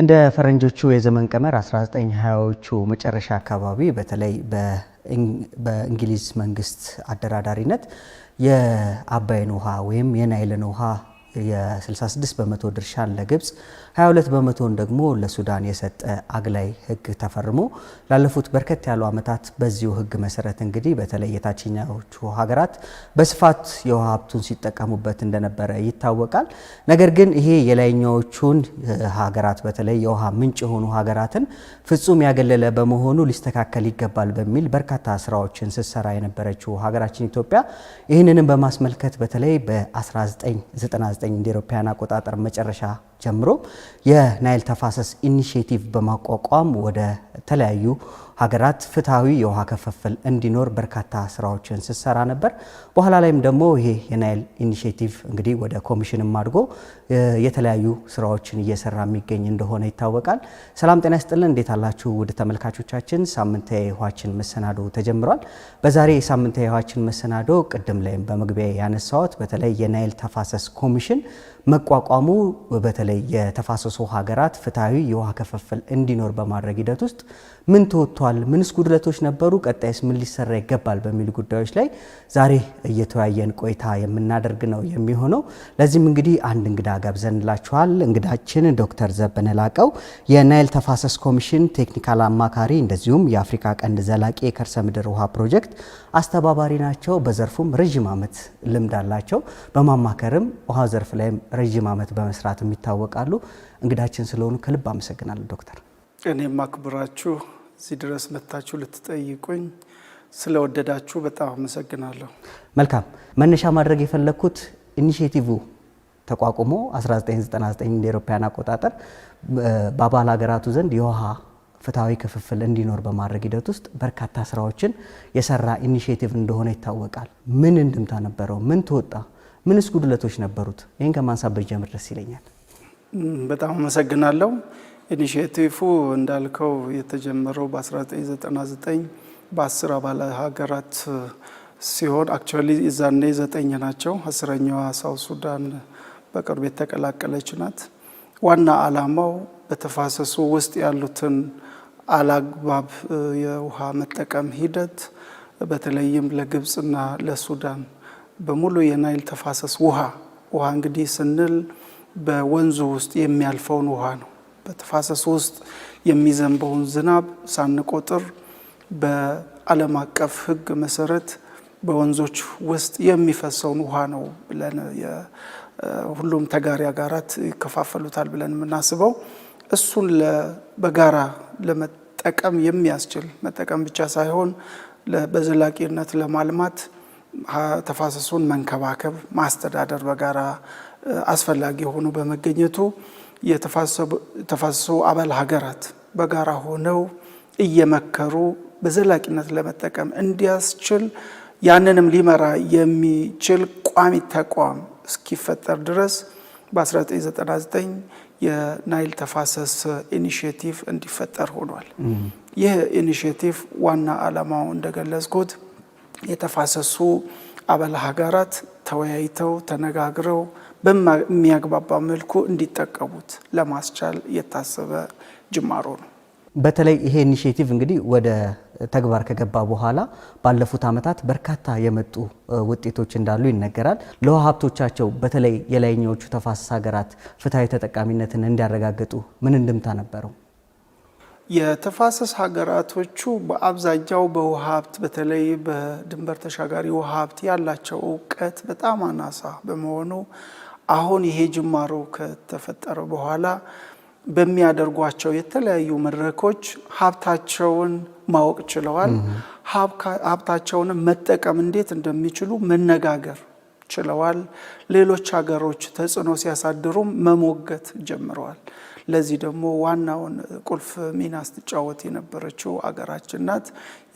እንደ ፈረንጆቹ የዘመን ቀመር 1920ዎቹ መጨረሻ አካባቢ በተለይ በእንግሊዝ መንግስት አደራዳሪነት የአባይን ውሃ ወይም የናይልን ውሃ የ66 በመቶ ድርሻን ለግብፅ 22 በመቶን ደግሞ ለሱዳን የሰጠ አግላይ ህግ ተፈርሞ ላለፉት በርከት ያሉ ዓመታት በዚሁ ህግ መሰረት እንግዲህ በተለይ የታችኛዎቹ ሀገራት በስፋት የውሃ ሀብቱን ሲጠቀሙበት እንደነበረ ይታወቃል። ነገር ግን ይሄ የላይኛዎቹን ሀገራት በተለይ የውሃ ምንጭ የሆኑ ሀገራትን ፍጹም ያገለለ በመሆኑ ሊስተካከል ይገባል በሚል በርካታ ስራዎችን ስትሰራ የነበረችው ሀገራችን ኢትዮጵያ ይህንንም በማስመልከት በተለይ በ1999 2019 እንደ ኤሮፓያን አቆጣጠር መጨረሻ ጀምሮ የናይል ተፋሰስ ኢኒሽቲቭ በማቋቋም ወደ ተለያዩ ሀገራት ፍትሐዊ የውሃ ክፍፍል እንዲኖር በርካታ ስራዎችን ስሰራ ነበር። በኋላ ላይም ደግሞ ይሄ የናይል ኢኒሽቲቭ እንግዲህ ወደ ኮሚሽንም አድጎ የተለያዩ ስራዎችን እየሰራ የሚገኝ እንደሆነ ይታወቃል። ሰላም ጤና ይስጥልን፣ እንዴት አላችሁ ውድ ተመልካቾቻችን? ሳምንታዊ ውሃችን መሰናዶ ተጀምሯል። በዛሬ የሳምንታዊ ውሃችን መሰናዶ ቅድም ላይም በመግቢያ ያነሳሁት በተለይ የናይል ተፋሰስ ኮሚሽን መቋቋሙ በተለይ የተፋሰሱ ሀገራት ፍትሐዊ የውሃ ክፍፍል እንዲኖር በማድረግ ሂደት ውስጥ ምን ተወጥቷል፣ ምንስ ጉድለቶች ነበሩ፣ ቀጣይስ ምን ሊሰራ ይገባል በሚሉ ጉዳዮች ላይ ዛሬ እየተወያየን ቆይታ የምናደርግ ነው የሚሆነው። ለዚህም እንግዲህ አንድ እንግዳ ጋብዘንላችኋል። እንግዳችን ዶክተር ዘበነ ላቀው የናይል ተፋሰስ ኮሚሽን ቴክኒካል አማካሪ እንደዚሁም የአፍሪካ ቀንድ ዘላቂ የከርሰ ምድር ውሃ ፕሮጀክት አስተባባሪ ናቸው። በዘርፉም ረዥም ዓመት ልምድ አላቸው። በማማከርም ውሃ ዘርፍ ላይም ረዥም ዓመት በመስራት የሚታወቃሉ። እንግዳችን ስለሆኑ ከልብ አመሰግናለሁ ዶክተር። እኔም አክብራችሁ እዚህ ድረስ መታችሁ ልትጠይቁኝ ስለወደዳችሁ በጣም አመሰግናለሁ። መልካም መነሻ ማድረግ የፈለግኩት ኢኒሽቲቭ ተቋቁሞ 1999 እንደ ኤሮፓያን አቆጣጠር በአባል ሀገራቱ ዘንድ የውሃ ፍትሐዊ ክፍፍል እንዲኖር በማድረግ ሂደት ውስጥ በርካታ ስራዎችን የሰራ ኢኒሽቲቭ እንደሆነ ይታወቃል። ምን እንድምታ ነበረው? ምን ተወጣ? ምንስ ጉድለቶች ነበሩት? ይህን ከማንሳት ብጀምር ደስ ይለኛል። በጣም አመሰግናለሁ። ኢኒሽቲቭ እንዳልከው የተጀመረው በ1999 በአስር አባል ሀገራት ሲሆን አክቹዋሊ እዛኔ ዘጠኝ ናቸው። አስረኛዋ ሳውት ሱዳን በቅርብ የተቀላቀለች ናት። ዋና አላማው በተፋሰሱ ውስጥ ያሉትን አላግባብ የውሃ መጠቀም ሂደት በተለይም ለግብፅና ለሱዳን በሙሉ የናይል ተፋሰስ ውሃ ውሃ እንግዲህ ስንል በወንዙ ውስጥ የሚያልፈውን ውሃ ነው። በተፋሰሱ ውስጥ የሚዘንበውን ዝናብ ሳንቆጥር በዓለም አቀፍ ሕግ መሰረት በወንዞች ውስጥ የሚፈሰውን ውሃ ነው ብለን ሁሉም ተጋሪ አጋራት ይከፋፈሉታል ብለን የምናስበው እሱን በጋራ ለመጠቀም የሚያስችል መጠቀም ብቻ ሳይሆን በዘላቂነት ለማልማት ተፋሰሱን መንከባከብ፣ ማስተዳደር በጋራ አስፈላጊ ሆኖ በመገኘቱ የተፋሰሱ አባል ሀገራት በጋራ ሆነው እየመከሩ በዘላቂነት ለመጠቀም እንዲያስችል ያንንም ሊመራ የሚችል ቋሚ ተቋም እስኪፈጠር ድረስ በ1999 የናይል ተፋሰስ ኢኒሽቲቭ እንዲፈጠር ሆኗል። ይህ ኢኒሽቲቭ ዋና ዓላማው እንደገለጽኩት የተፋሰሱ አባል ሀገራት ተወያይተው ተነጋግረው በሚያግባባ መልኩ እንዲጠቀሙት ለማስቻል የታሰበ ጅማሮ ነው። በተለይ ይሄ ኢኒሽቲቭ እንግዲህ ወደ ተግባር ከገባ በኋላ ባለፉት ዓመታት በርካታ የመጡ ውጤቶች እንዳሉ ይነገራል። ለውሃ ሀብቶቻቸው በተለይ የላይኛዎቹ ተፋሰስ ሀገራት ፍትሐዊ ተጠቃሚነትን እንዲያረጋግጡ ምን እንድምታ ነበረው? የተፋሰስ ሀገራቶቹ በአብዛኛው በውሃ ሀብት በተለይ በድንበር ተሻጋሪ ውሃ ሀብት ያላቸው እውቀት በጣም አናሳ በመሆኑ አሁን ይሄ ጅማሮ ከተፈጠረ በኋላ በሚያደርጓቸው የተለያዩ መድረኮች ሀብታቸውን ማወቅ ችለዋል። ሀብታቸውንም መጠቀም እንዴት እንደሚችሉ መነጋገር ችለዋል። ሌሎች ሀገሮች ተጽዕኖ ሲያሳድሩም መሞገት ጀምረዋል። ለዚህ ደግሞ ዋናውን ቁልፍ ሚና ስትጫወት የነበረችው አገራችን ናት።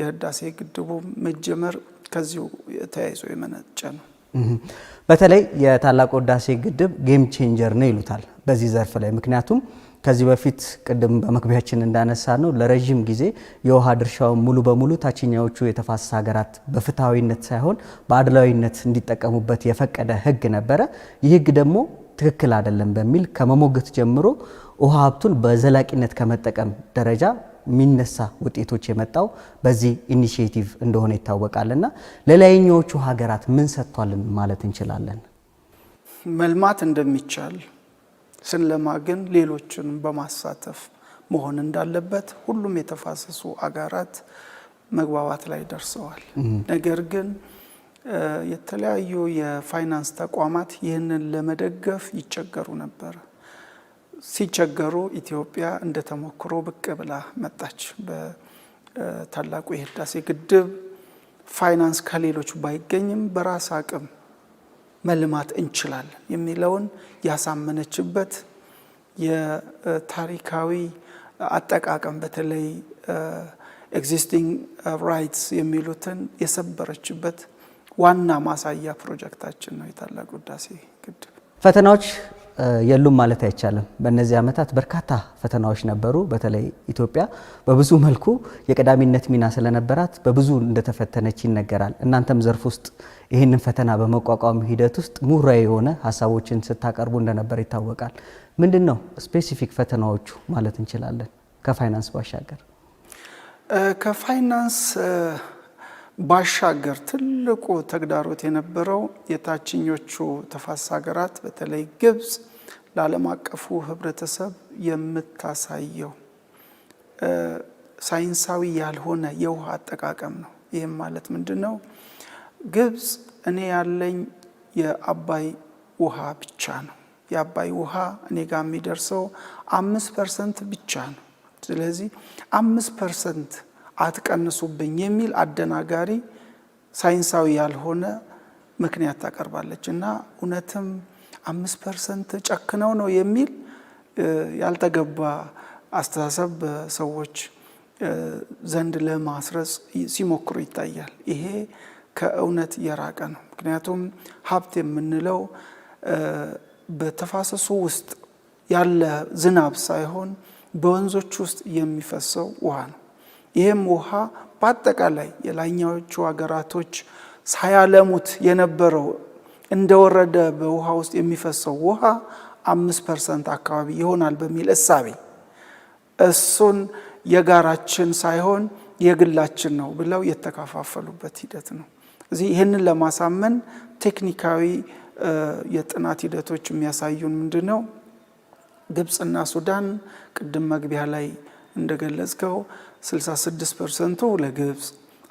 የህዳሴ ግድቡ መጀመር ከዚሁ ተያይዞ የመነጨ ነው። በተለይ የታላቁ ህዳሴ ግድብ ጌም ቼንጀር ነው ይሉታል በዚህ ዘርፍ ላይ ምክንያቱም ከዚህ በፊት ቅድም በመግቢያችን እንዳነሳ ነው ለረዥም ጊዜ የውሃ ድርሻውን ሙሉ በሙሉ ታችኛዎቹ የተፋሰስ ሀገራት በፍትሐዊነት ሳይሆን በአድላዊነት እንዲጠቀሙበት የፈቀደ ህግ ነበረ። ይህ ህግ ደግሞ ትክክል አይደለም በሚል ከመሞገት ጀምሮ ውሃ ሀብቱን በዘላቂነት ከመጠቀም ደረጃ የሚነሳ ውጤቶች የመጣው በዚህ ኢኒሽቲቭ እንደሆነ ይታወቃል እና ለላይኛዎቹ ሀገራት ምን ሰጥቷልን ማለት እንችላለን? መልማት እንደሚቻል ስንለማ ግን ሌሎችን በማሳተፍ መሆን እንዳለበት ሁሉም የተፋሰሱ አገራት መግባባት ላይ ደርሰዋል። ነገር ግን የተለያዩ የፋይናንስ ተቋማት ይህንን ለመደገፍ ይቸገሩ ነበር። ሲቸገሩ ኢትዮጵያ እንደ ተሞክሮ ብቅ ብላ መጣች። በታላቁ የህዳሴ ግድብ ፋይናንስ ከሌሎች ባይገኝም በራስ አቅም መልማት እንችላለን የሚለውን ያሳመነችበት የታሪካዊ አጠቃቀም በተለይ ኤግዚስቲንግ ራይትስ የሚሉትን የሰበረችበት ዋና ማሳያ ፕሮጀክታችን ነው የታላቁ ህዳሴ ግድብ። ፈተናዎች የሉም ማለት አይቻልም። በእነዚህ ዓመታት በርካታ ፈተናዎች ነበሩ። በተለይ ኢትዮጵያ በብዙ መልኩ የቀዳሚነት ሚና ስለነበራት በብዙ እንደተፈተነች ይነገራል። እናንተም ዘርፍ ውስጥ ይህንን ፈተና በመቋቋም ሂደት ውስጥ ምሁራዊ የሆነ ሀሳቦችን ስታቀርቡ እንደነበር ይታወቃል። ምንድን ነው ስፔሲፊክ ፈተናዎቹ ማለት እንችላለን? ከፋይናንስ ባሻገር ከፋይናንስ ባሻገር ትልቁ ተግዳሮት የነበረው የታችኞቹ ተፋሰስ ሀገራት በተለይ ግብፅ ለዓለም አቀፉ ህብረተሰብ የምታሳየው ሳይንሳዊ ያልሆነ የውሃ አጠቃቀም ነው። ይህም ማለት ምንድን ነው? ግብፅ እኔ ያለኝ የአባይ ውሃ ብቻ ነው። የአባይ ውሃ እኔ ጋር የሚደርሰው አምስት ፐርሰንት ብቻ ነው። ስለዚህ አምስት ፐርሰንት አትቀንሱብኝ የሚል አደናጋሪ ሳይንሳዊ ያልሆነ ምክንያት ታቀርባለች እና እውነትም አምስት ፐርሰንት ጨክነው ነው የሚል ያልተገባ አስተሳሰብ በሰዎች ዘንድ ለማስረጽ ሲሞክሩ ይታያል። ይሄ ከእውነት የራቀ ነው። ምክንያቱም ሀብት የምንለው በተፋሰሱ ውስጥ ያለ ዝናብ ሳይሆን በወንዞች ውስጥ የሚፈሰው ውሃ ነው። ይህም ውሃ በአጠቃላይ የላይኛዎቹ ሀገራቶች ሳያለሙት የነበረው እንደወረደ በውሃ ውስጥ የሚፈሰው ውሃ አምስት ፐርሰንት አካባቢ ይሆናል በሚል እሳቤ እሱን የጋራችን ሳይሆን የግላችን ነው ብለው የተከፋፈሉበት ሂደት ነው። እዚህ ይህንን ለማሳመን ቴክኒካዊ የጥናት ሂደቶች የሚያሳዩን ምንድ ነው? ግብፅና ሱዳን ቅድም መግቢያ ላይ እንደገለጽከው 66 ፐርሰንቱ ለግብፅ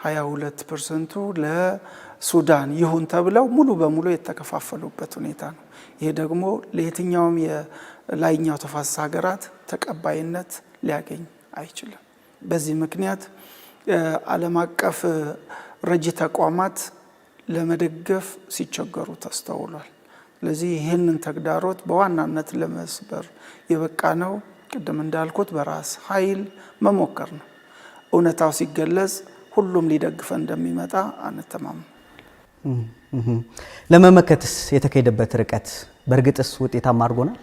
22 ፐርሰንቱ ለሱዳን ይሁን ተብለው ሙሉ በሙሉ የተከፋፈሉበት ሁኔታ ነው። ይሄ ደግሞ ለየትኛውም የላይኛው ተፋሰስ ሀገራት ተቀባይነት ሊያገኝ አይችልም። በዚህ ምክንያት ዓለም አቀፍ ረጂ ተቋማት ለመደገፍ ሲቸገሩ ተስተውሏል። ስለዚህ ይህንን ተግዳሮት በዋናነት ለመስበር የበቃ ነው ቅድም እንዳልኩት በራስ ኃይል መሞከር ነው። እውነታው ሲገለጽ ሁሉም ሊደግፈ እንደሚመጣ አንተማም። ለመመከትስ የተካሄደበት ርቀት በእርግጥስ ውጤታማ አድርጎናል?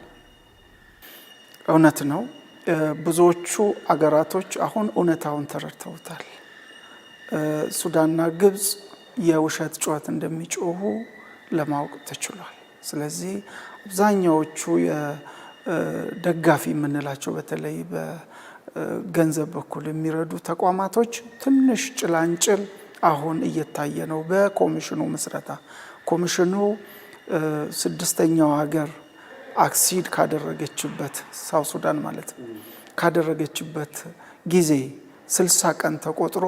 እውነት ነው። ብዙዎቹ አገራቶች አሁን እውነታውን ተረድተውታል። ሱዳንና ግብፅ የውሸት ጩኸት እንደሚጮሁ ለማወቅ ተችሏል። ስለዚህ አብዛኛዎቹ ደጋፊ የምንላቸው በተለይ ገንዘብ በኩል የሚረዱ ተቋማቶች ትንሽ ጭላንጭል አሁን እየታየ ነው። በኮሚሽኑ ምስረታ ኮሚሽኑ ስድስተኛው ሀገር አክሲድ ካደረገችበት ሳው ሱዳን ማለት ካደረገችበት ጊዜ ስልሳ ቀን ተቆጥሮ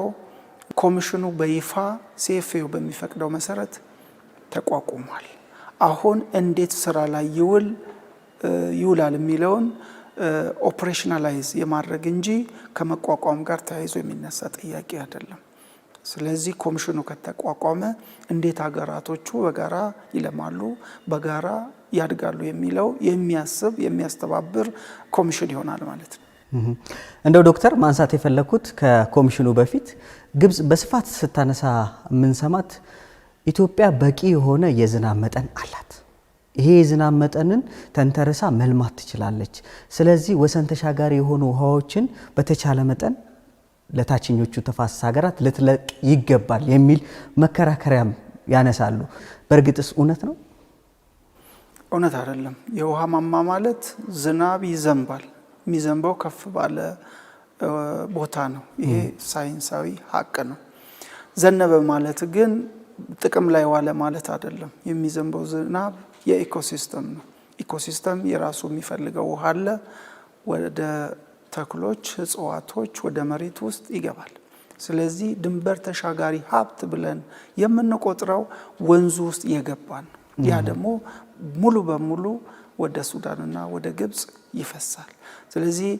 ኮሚሽኑ በይፋ ሴፌው በሚፈቅደው መሰረት ተቋቁሟል። አሁን እንዴት ስራ ላይ ይውል ይውላል የሚለውን ኦፕሬሽናላይዝ የማድረግ እንጂ ከመቋቋም ጋር ተያይዞ የሚነሳ ጥያቄ አይደለም። ስለዚህ ኮሚሽኑ ከተቋቋመ እንዴት ሀገራቶቹ በጋራ ይለማሉ፣ በጋራ ያድጋሉ የሚለው የሚያስብ የሚያስተባብር ኮሚሽን ይሆናል ማለት ነው። እንደው ዶክተር ማንሳት የፈለግኩት ከኮሚሽኑ በፊት ግብጽ በስፋት ስታነሳ የምንሰማት ኢትዮጵያ በቂ የሆነ የዝናብ መጠን አላት ይሄ የዝናብ መጠንን ተንተርሳ መልማት ትችላለች። ስለዚህ ወሰን ተሻጋሪ የሆኑ ውሃዎችን በተቻለ መጠን ለታችኞቹ ተፋሰስ ሀገራት ልትለቅ ይገባል የሚል መከራከሪያም ያነሳሉ። በእርግጥስ እውነት ነው? እውነት አይደለም። የውሃ ማማ ማለት ዝናብ ይዘንባል፣ የሚዘንበው ከፍ ባለ ቦታ ነው። ይሄ ሳይንሳዊ ሀቅ ነው። ዘነበ ማለት ግን ጥቅም ላይ ዋለ ማለት አይደለም። የሚዘንበው ዝናብ የኢኮሲስተም ነው። ኢኮሲስተም የራሱ የሚፈልገው ውሃ አለ። ወደ ተክሎች፣ እጽዋቶች፣ ወደ መሬት ውስጥ ይገባል። ስለዚህ ድንበር ተሻጋሪ ሀብት ብለን የምንቆጥረው ወንዙ ውስጥ የገባን ነው። ያ ደግሞ ሙሉ በሙሉ ወደ ሱዳንና ወደ ግብፅ ይፈሳል። ስለዚህ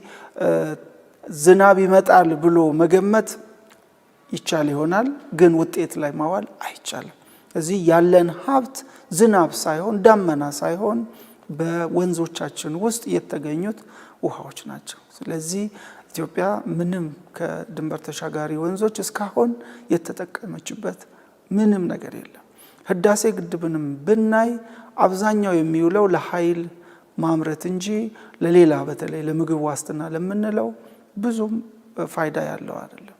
ዝናብ ይመጣል ብሎ መገመት ይቻል ይሆናል፣ ግን ውጤት ላይ ማዋል አይቻልም። እዚህ ያለን ሀብት ዝናብ ሳይሆን ዳመና ሳይሆን በወንዞቻችን ውስጥ የተገኙት ውሃዎች ናቸው። ስለዚህ ኢትዮጵያ ምንም ከድንበር ተሻጋሪ ወንዞች እስካሁን የተጠቀመችበት ምንም ነገር የለም። ህዳሴ ግድብንም ብናይ አብዛኛው የሚውለው ለኃይል ማምረት እንጂ ለሌላ በተለይ ለምግብ ዋስትና ለምንለው ብዙም ፋይዳ ያለው አይደለም።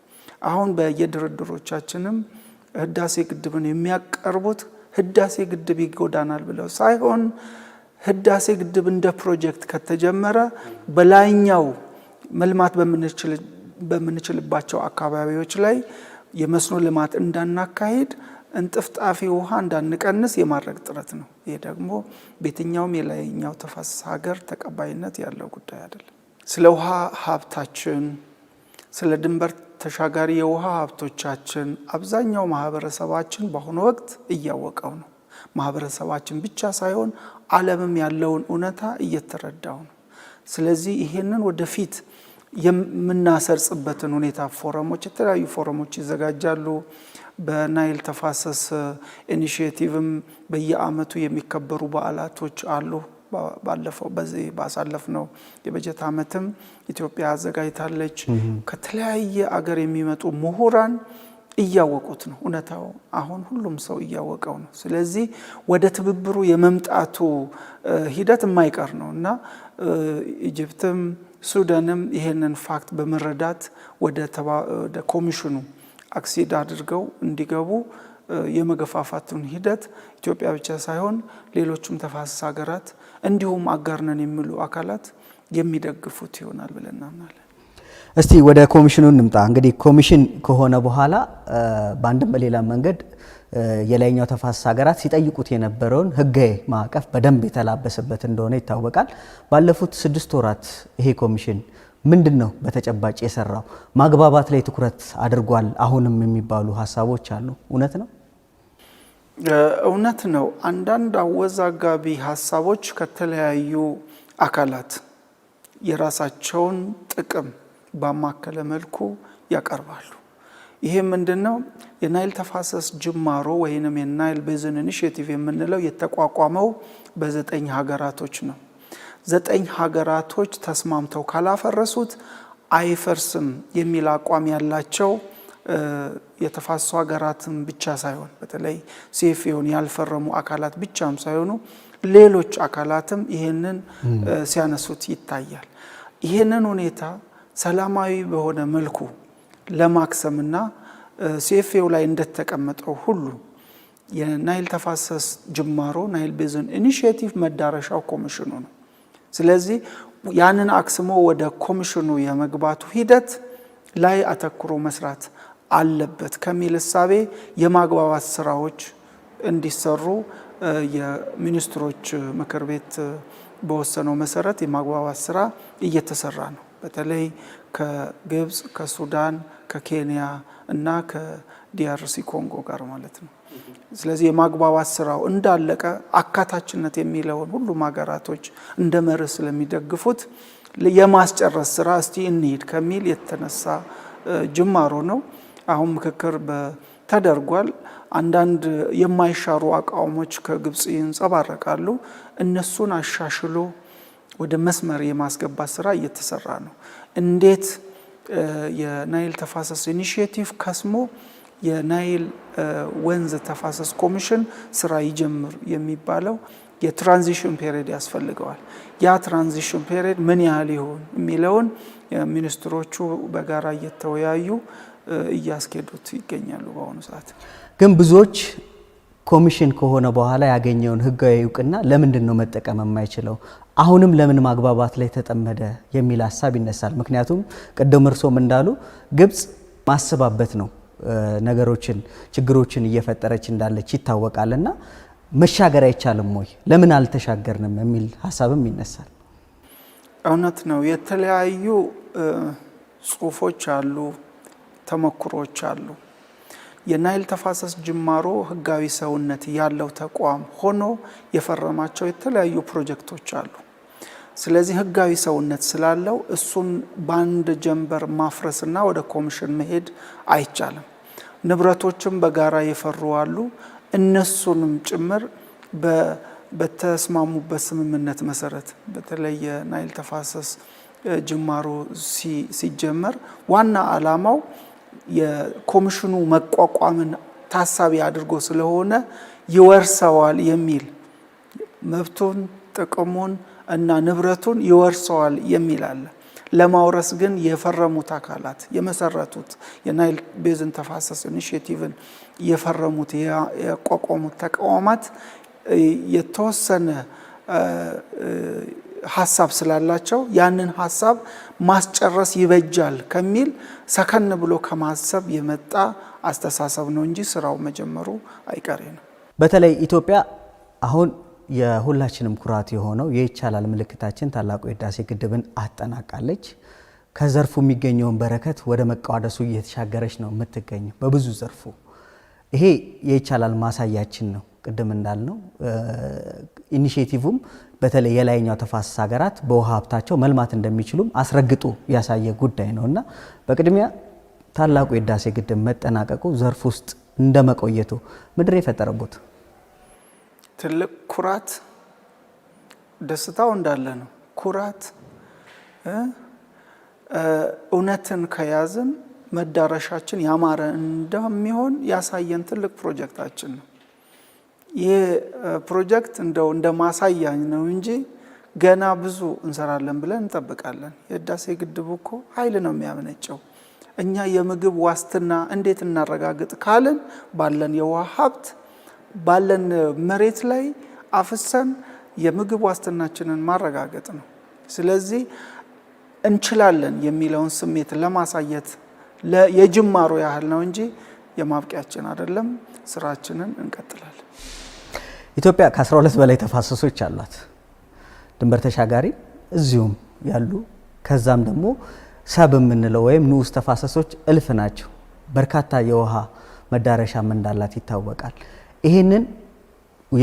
አሁን በየድርድሮቻችንም ህዳሴ ግድብን የሚያቀርቡት ህዳሴ ግድብ ይጎዳናል ብለው ሳይሆን ህዳሴ ግድብ እንደ ፕሮጀክት ከተጀመረ በላይኛው መልማት በምንችልባቸው አካባቢዎች ላይ የመስኖ ልማት እንዳናካሄድ እንጥፍጣፊ ውሃ እንዳንቀንስ የማድረግ ጥረት ነው። ይህ ደግሞ በየትኛውም የላይኛው ተፋሰስ ሀገር ተቀባይነት ያለው ጉዳይ አይደለም። ስለ ውሃ ሀብታችን ስለ ድንበር ተሻጋሪ የውሃ ሀብቶቻችን አብዛኛው ማህበረሰባችን በአሁኑ ወቅት እያወቀው ነው። ማህበረሰባችን ብቻ ሳይሆን ዓለምም ያለውን እውነታ እየተረዳው ነው። ስለዚህ ይሄንን ወደፊት የምናሰርጽበትን ሁኔታ ፎረሞች፣ የተለያዩ ፎረሞች ይዘጋጃሉ። በናይል ተፋሰስ ኢኒሽቲቭም በየአመቱ የሚከበሩ በዓላቶች አሉ። ባለፈው በዚህ ነው የበጀት ዓመትም ኢትዮጵያ አዘጋጅታለች። ከተለያየ አገር የሚመጡ ምሁራን እያወቁት ነው። እውነታው አሁን ሁሉም ሰው እያወቀው ነው። ስለዚህ ወደ ትብብሩ የመምጣቱ ሂደት የማይቀር ነው እና ኢጅፕትም ሱዳንም ይሄንን ፋክት በመረዳት ወደ ኮሚሽኑ አክሲድ አድርገው እንዲገቡ የመገፋፋቱን ሂደት ኢትዮጵያ ብቻ ሳይሆን ሌሎቹም ተፋሰስ ሀገራት እንዲሁም አጋርነን የሚሉ አካላት የሚደግፉት ይሆናል ብለን እናምናለን። እስቲ ወደ ኮሚሽኑ እንምጣ። እንግዲህ ኮሚሽን ከሆነ በኋላ በአንድም በሌላ መንገድ የላይኛው ተፋሰስ ሀገራት ሲጠይቁት የነበረውን ሕጋዊ ማዕቀፍ በደንብ የተላበሰበት እንደሆነ ይታወቃል። ባለፉት ስድስት ወራት ይሄ ኮሚሽን ምንድን ነው በተጨባጭ የሰራው? ማግባባት ላይ ትኩረት አድርጓል አሁንም የሚባሉ ሀሳቦች አሉ። እውነት ነው እውነት ነው። አንዳንድ አወዛጋቢ ሀሳቦች ከተለያዩ አካላት የራሳቸውን ጥቅም ባማከለ መልኩ ያቀርባሉ። ይሄ ምንድን ነው? የናይል ተፋሰስ ጅማሮ ወይንም የናይል ቤዝን ኢኒሽቲቭ የምንለው የተቋቋመው በዘጠኝ ሀገራቶች ነው። ዘጠኝ ሀገራቶች ተስማምተው ካላፈረሱት አይፈርስም የሚል አቋም ያላቸው የተፋሰሱ ሀገራትም ብቻ ሳይሆን በተለይ ሴፌውን ያልፈረሙ አካላት ብቻም ሳይሆኑ ሌሎች አካላትም ይህንን ሲያነሱት ይታያል። ይህንን ሁኔታ ሰላማዊ በሆነ መልኩ ለማክሰምና ሴፌው ላይ እንደተቀመጠው ሁሉ የናይል ተፋሰስ ጅማሮ ናይል ቤዝን ኢኒሽቲቭ መዳረሻው ኮሚሽኑ ነው። ስለዚህ ያንን አክስሞ ወደ ኮሚሽኑ የመግባቱ ሂደት ላይ አተኩሮ መስራት አለበት ከሚል እሳቤ የማግባባት ስራዎች እንዲሰሩ የሚኒስትሮች ምክር ቤት በወሰነው መሰረት የማግባባት ስራ እየተሰራ ነው። በተለይ ከግብፅ፣ ከሱዳን፣ ከኬንያ እና ከዲያርሲ ኮንጎ ጋር ማለት ነው። ስለዚህ የማግባባት ስራው እንዳለቀ አካታችነት የሚለውን ሁሉም ሀገራቶች እንደ መርህ ስለሚደግፉት የማስጨረስ ስራ እስቲ እንሂድ ከሚል የተነሳ ጅማሮ ነው። አሁን ምክክር ተደርጓል። አንዳንድ የማይሻሩ አቃውሞች ከግብፅ ይንጸባረቃሉ። እነሱን አሻሽሎ ወደ መስመር የማስገባት ስራ እየተሰራ ነው። እንዴት የናይል ተፋሰስ ኢኒሽቲቭ ከስሞ የናይል ወንዝ ተፋሰስ ኮሚሽን ስራ ይጀምር የሚባለው የትራንዚሽን ፔሪድ ያስፈልገዋል። ያ ትራንዚሽን ፔሪድ ምን ያህል ይሆን የሚለውን ሚኒስትሮቹ በጋራ እየተወያዩ እያስኬዱት ይገኛሉ። በአሁኑ ሰዓት ግን ብዙዎች ኮሚሽን ከሆነ በኋላ ያገኘውን ህጋዊ እውቅና ለምንድን ነው መጠቀም የማይችለው? አሁንም ለምን ማግባባት ላይ ተጠመደ የሚል ሀሳብ ይነሳል። ምክንያቱም ቅድም እርሶም እንዳሉ ግብጽ ማስባበት ነው ነገሮችን ችግሮችን እየፈጠረች እንዳለች ይታወቃል እና መሻገር አይቻልም ወይ? ለምን አልተሻገርንም የሚል ሀሳብም ይነሳል። እውነት ነው። የተለያዩ ጽሁፎች አሉ፣ ተሞክሮች አሉ። የናይል ተፋሰስ ጅማሮ ህጋዊ ሰውነት ያለው ተቋም ሆኖ የፈረማቸው የተለያዩ ፕሮጀክቶች አሉ። ስለዚህ ህጋዊ ሰውነት ስላለው እሱን በአንድ ጀንበር ማፍረስና ወደ ኮሚሽን መሄድ አይቻልም። ንብረቶችም በጋራ የፈሩ አሉ። እነሱንም ጭምር በተስማሙበት ስምምነት መሰረት በተለይ የናይል ተፋሰስ ጅማሮ ሲጀመር ዋና ዓላማው የኮሚሽኑ መቋቋምን ታሳቢ አድርጎ ስለሆነ ይወርሰዋል የሚል መብቱን፣ ጥቅሙን እና ንብረቱን ይወርሰዋል የሚል አለ። ለማውረስ ግን የፈረሙት አካላት የመሰረቱት የናይል ቤዝን ተፋሰስ ኢኒሽቲቭን የፈረሙት ያቋቋሙት ተቋማት የተወሰነ ሀሳብ ስላላቸው ያንን ሀሳብ ማስጨረስ ይበጃል ከሚል ሰከን ብሎ ከማሰብ የመጣ አስተሳሰብ ነው እንጂ ስራው መጀመሩ አይቀሬ ነው። በተለይ ኢትዮጵያ አሁን የሁላችንም ኩራት የሆነው የይቻላል ምልክታችን ታላቁ የህዳሴ ግድብን አጠናቃለች። ከዘርፉ የሚገኘውን በረከት ወደ መቃዋደሱ እየተሻገረች ነው የምትገኝ በብዙ ዘርፉ። ይሄ የይቻላል ማሳያችን ነው። ቅድም እንዳልነው ኢኒሽቲቭም በተለይ የላይኛው ተፋሰስ ሀገራት በውሃ ሀብታቸው መልማት እንደሚችሉም አስረግጦ ያሳየ ጉዳይ ነው እና በቅድሚያ ታላቁ የህዳሴ ግድብ መጠናቀቁ ዘርፍ ውስጥ እንደመቆየቱ ምድር የፈጠረቦት ትልቅ ኩራት ደስታው እንዳለ ነው። ኩራት እውነትን ከያዝን መዳረሻችን ያማረ እንደሚሆን ያሳየን ትልቅ ፕሮጀክታችን ነው። ይህ ፕሮጀክት እንደው እንደ ማሳያ ነው እንጂ ገና ብዙ እንሰራለን ብለን እንጠብቃለን። የህዳሴ ግድቡ እኮ ኃይል ነው የሚያመነጨው። እኛ የምግብ ዋስትና እንዴት እናረጋግጥ ካልን ባለን የውሃ ሀብት ባለን መሬት ላይ አፍሰን የምግብ ዋስትናችንን ማረጋገጥ ነው። ስለዚህ እንችላለን የሚለውን ስሜት ለማሳየት የጅማሮ ያህል ነው እንጂ የማብቂያችን አይደለም። ስራችንን እንቀጥላለን። ኢትዮጵያ ከ12 በላይ ተፋሰሶች አሏት። ድንበር ተሻጋሪ እዚሁም ያሉ ከዛም ደግሞ ሰብ የምንለው ወይም ንዑስ ተፋሰሶች እልፍ ናቸው። በርካታ የውሃ መዳረሻም እንዳላት ይታወቃል። ይህንን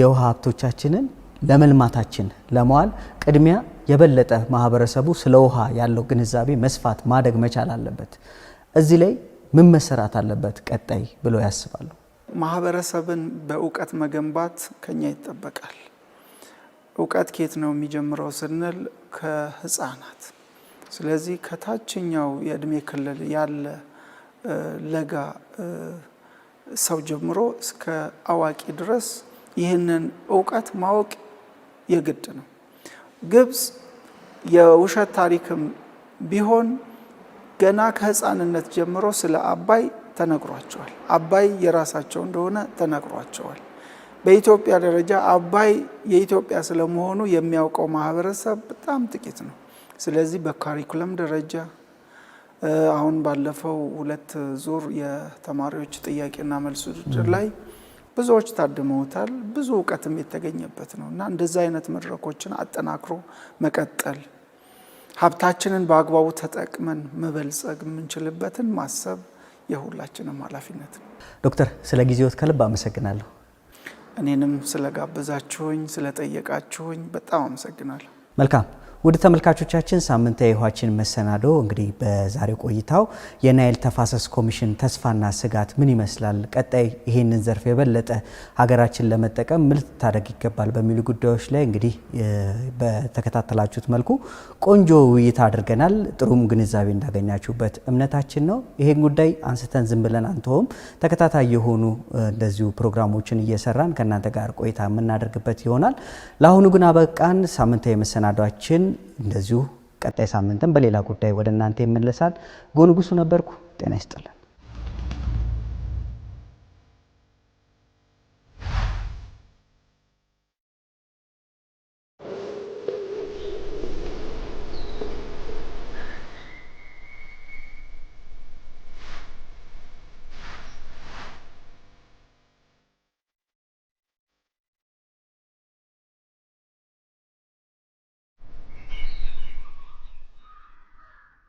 የውሃ ሀብቶቻችንን ለመልማታችን ለመዋል ቅድሚያ የበለጠ ማህበረሰቡ ስለ ውሃ ያለው ግንዛቤ መስፋት ማደግ መቻል አለበት። እዚህ ላይ ምን መሰራት አለበት ቀጣይ ብሎ ያስባሉ? ማህበረሰብን በእውቀት መገንባት ከኛ ይጠበቃል። እውቀት ኬት ነው የሚጀምረው ስንል ከህፃናት። ስለዚህ ከታችኛው የእድሜ ክልል ያለ ለጋ ሰው ጀምሮ እስከ አዋቂ ድረስ ይህንን እውቀት ማወቅ የግድ ነው። ግብፅ የውሸት ታሪክም ቢሆን ገና ከህፃንነት ጀምሮ ስለ አባይ ተነግሯቸዋል። አባይ የራሳቸው እንደሆነ ተነግሯቸዋል። በኢትዮጵያ ደረጃ አባይ የኢትዮጵያ ስለመሆኑ የሚያውቀው ማህበረሰብ በጣም ጥቂት ነው። ስለዚህ በካሪኩለም ደረጃ አሁን ባለፈው ሁለት ዙር የተማሪዎች ጥያቄና መልስ ውድድር ላይ ብዙዎች ታድመውታል። ብዙ እውቀትም የተገኘበት ነው እና እንደዚ አይነት መድረኮችን አጠናክሮ መቀጠል ሀብታችንን በአግባቡ ተጠቅመን መበልጸግ የምንችልበትን ማሰብ የሁላችንም ኃላፊነት ነው። ዶክተር ስለ ጊዜዎት ከልብ አመሰግናለሁ። እኔንም ስለጋበዛችሁኝ ስለጠየቃችሁኝ በጣም አመሰግናለሁ። መልካም ውድ ተመልካቾቻችን ሳምንታዊ የውሃችን መሰናዶ እንግዲህ በዛሬው ቆይታው የናይል ተፋሰስ ኮሚሽን ተስፋና ስጋት ምን ይመስላል፣ ቀጣይ ይህንን ዘርፍ የበለጠ ሀገራችን ለመጠቀም ምን ልታደርግ ይገባል በሚሉ ጉዳዮች ላይ እንግዲህ በተከታተላችሁት መልኩ ቆንጆ ውይይት አድርገናል። ጥሩም ግንዛቤ እንዳገኛችሁበት እምነታችን ነው። ይህን ጉዳይ አንስተን ዝም ብለን አንተውም። ተከታታይ የሆኑ እንደዚሁ ፕሮግራሞችን እየሰራን ከእናንተ ጋር ቆይታ የምናደርግበት ይሆናል። ለአሁኑ ግን አበቃን። ሳምንታዊ መሰናዷችን እንደዚሁ ቀጣይ ሳምንትም በሌላ ጉዳይ ወደ እናንተ ይመለሳል። ጎንጉሱ ነበርኩ። ጤና ይስጥልን።